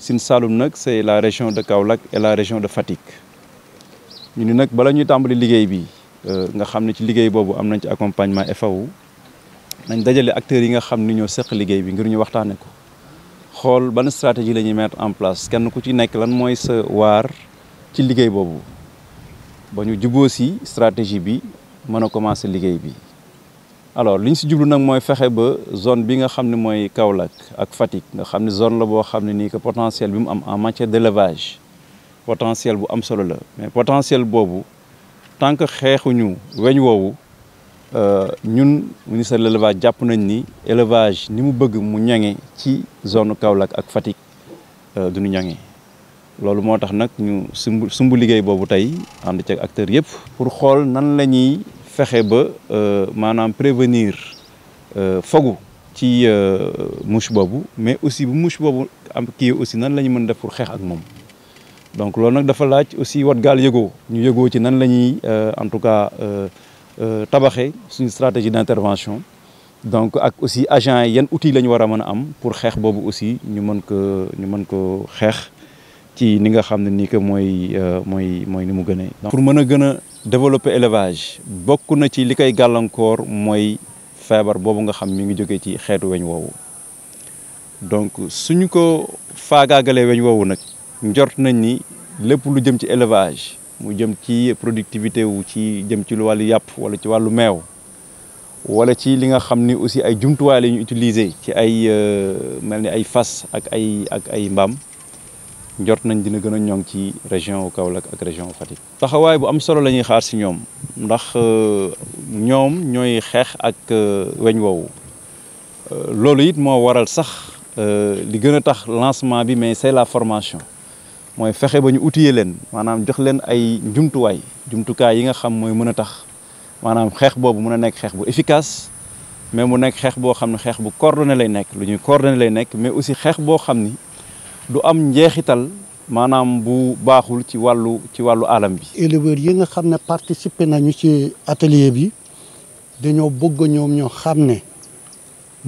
Sine Saloum nag c'est la région de Kaolack et la région de Fatick ñu ni nag bala ñuy tàmbali liggéey bi euh, nga xam ne ci liggéey boobu am nañ ci accompagnement FAO nañ dajale acteurs yi nga xam ni ñoo seq liggéey bi ngir ñu waxtaane ko xool ban stratégie lañuy mettre en place kenn ku ci nekk lan mooy sa waar ci liggéey boobu ba ñu juboo si stratégie bi mën a commencer liggéey bi alors li ñu si jublu nag mooy fexe ba zone bi nga xam ne mooy Kaolack ak Fatick nga xam ne zone la boo xam ne nii que potentiel bi mu am en matière d'élevage potentiel bu am solo la mais potentiel boobu tant que xeexuñu weñ woowu euh, ñun ministère de l'élevage jàpp nañ ni élevage ni mu bëgg mu ñaŋe ci zone Kaolack ak Fatick euh, du ñu ñaŋe loolu moo tax nag ñu sumb sumb liggéey boobu tey ànd ci acteurs yëpp pour xool nan la fexe ba euh, maanaam prévenir euh, fogu ci euh, mouche bobu mais aussi bu mouche bobu am ki aussi nan lañu ñu def pour xex ak mom donc lool nak dafa laaj aussi Watgal yego ñu yego ci nan la en tout cas euh euh tabaxé suñu stratégie d'intervention donc ak aussi agent yi outil lañu wara ñu am pour xex bobu aussi ñu mën ko ñu mën ko xex ci ni nga xam ni nii que mooy moy moy ni mu gënee. pour mën a développer l'élevage, beaucoup de ci qui koy gàllankoor fait feebar nga xam ngi donc suñu ko njort nañ ni qui lu élevage mu jëm ci productivité wu ci jëm ci lu walu yàpp wala ci walu wala ci li nga aussi ay la utiliser ci ay euh, ay ak ay ak ay njort nañ dina gëna ñong ci région Kaolack ak région Fatick. taxaway bu am solo lañuy xaar ci ñom ndax euh, ñom ñoy xex ak euh, wëñ woowu euh, loolu it mo waral sax li gëna tax lancement bi mais c'est la formation moy fexé bañu outiller len manam jox len ay jumtuwaay ka yi nga xam moy mëna tax manam xex boobu mëna nek xex bu efficace mais mu nek xex bo xamni xex bu coordonné lay nek lu ñuy coordonné lay nek mais aussi xex bo xamni du am njeexital maanaam bu baaxul ci wàllu ci wàllu alam bi. éleveurs yi nga xam ne participer nañu ci atelier bi dañoo bëgg ñoom ñoo xam ne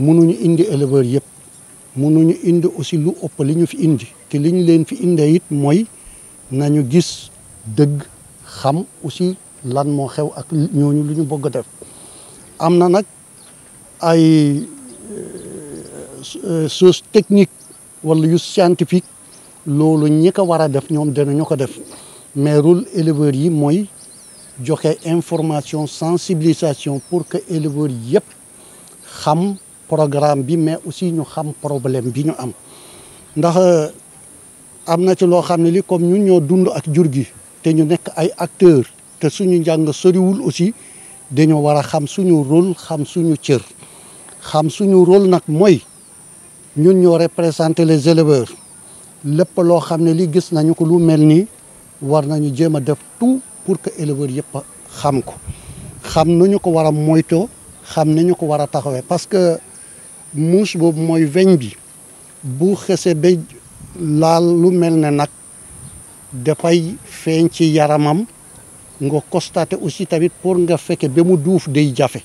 mënuñu indi éleveurs yëpp mënuñu indi aussi lu ëpp li ñu fi indi te li ñu leen fi indee it mooy nañu gis dëgg xam aussi lan moo xew ak ñooñu lu ñu bëgg a def am na nag ay euh, sources euh, technique wala yu scientifique loolu ñi ko war a def ñoom danañu ko def mais rôle éleveurs yi mooy joxe information sensibilisation pour que éleveurs yëpp xam programme bi mais aussi ñu xam problème bi ñu am ndax euh, am na ci loo xam ne li comme ñu ñoo dund ak jur gi te ñu nekk ay acteurs te suñu njàng soriwul aussi dañoo war a xam suñu rôle xam suñu cër xam suñu rôle nag mooy ñun ñoo représenter les éleveurs lepp lo xamné ne li gis nañu ko lu melni war nañu jema def tout pour que éleveur yépp xam ko xam nañu ko wara moyto xam nañu ko wara taxawé parce que mouche bob moy veñ bi bu xese be laal lu melne nak da fay feeñ ci yaramam nga constater aussi tamit pour nga fekke ba mu duuf day jafe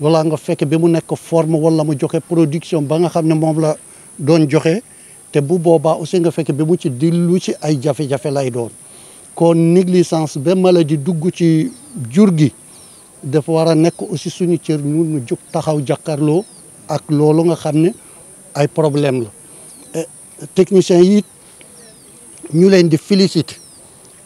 wala nga fekke bi mu nekk forme wala mu joxe production ba nga xam ne moom la doon joxe te bu boobaa aussi nga fekke bi mu ci dillu ci ay jafe-jafe lay doon kon négligence ba maladie dugg ci jur gi dafa war a nekk aussi suñu cër ñun ñu jóg taxaw jàkkaarloo ak loolu nga xam ne ay problème la eh, technicien yi ñu leen di féliciter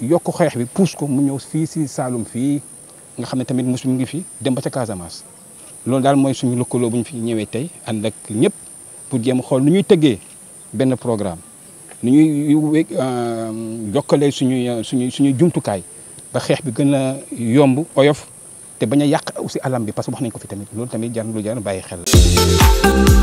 yokk xeex bi pousse ko mu ñëw fii si Saalum fii nga xam ne tamit muslim ngi fii dem ba ca Casamance loolu daal mooy suñu lëkkaloo bu ñu fi ñëwee tey ànd ak ñëpp pour jéem xool ni ñuy tëggee benn programme nu ñuy euh, jokkalee suñuy suñuy suñu jumtukaay ba xeex bi gën a yomb oyof te bañ a yàq aussi alam bi parce que wax nañ ko fi tamit loolu tamit jar lu jar bàyyi xel.